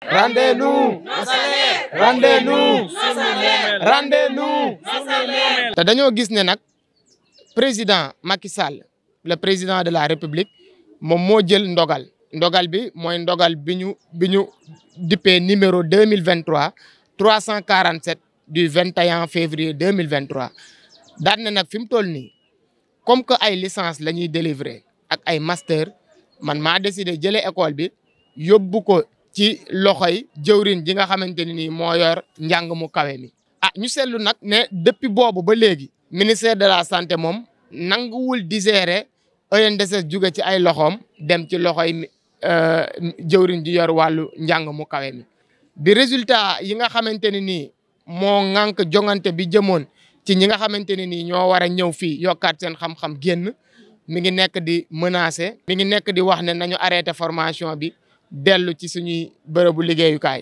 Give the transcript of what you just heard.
rendez te dañoo gis ne nag président Macky Sall le président de la République moom moo jël ndogal ndogal bi mooy ndogal bi ñu bi ñu dippee numéro 2023 347 du 21 février 2023 daan na nag fi mu toll nii comme que ay licence la ñuy délivrer ak ay masteur man maa décidé jëlee école bi yóbbu ko ci loxoy jëwrin ji nga xamante ne nii moo yor njàng mu kawe mi. ah ñu seetlu nag ne depuis boobu ba léegi ministère de la santé moom nanguwul di gérer ENDSS jóge ci ay loxoom dem ci loxoy euh, jëwrin ji yor wàllu njàng mu kawe mi. bi résultat yi nga xamante ne nii moo ŋànk jongante bi jëmoon ci ñi nga xamante ni nii ñoo war a ñëw fii yokkaat seen xam-xam génn mi ngi nekk di menacer. mi ngi nekk di wax ne nañu arrêté formation bi. dellu ci suñuy bërëbu liggéeyukaay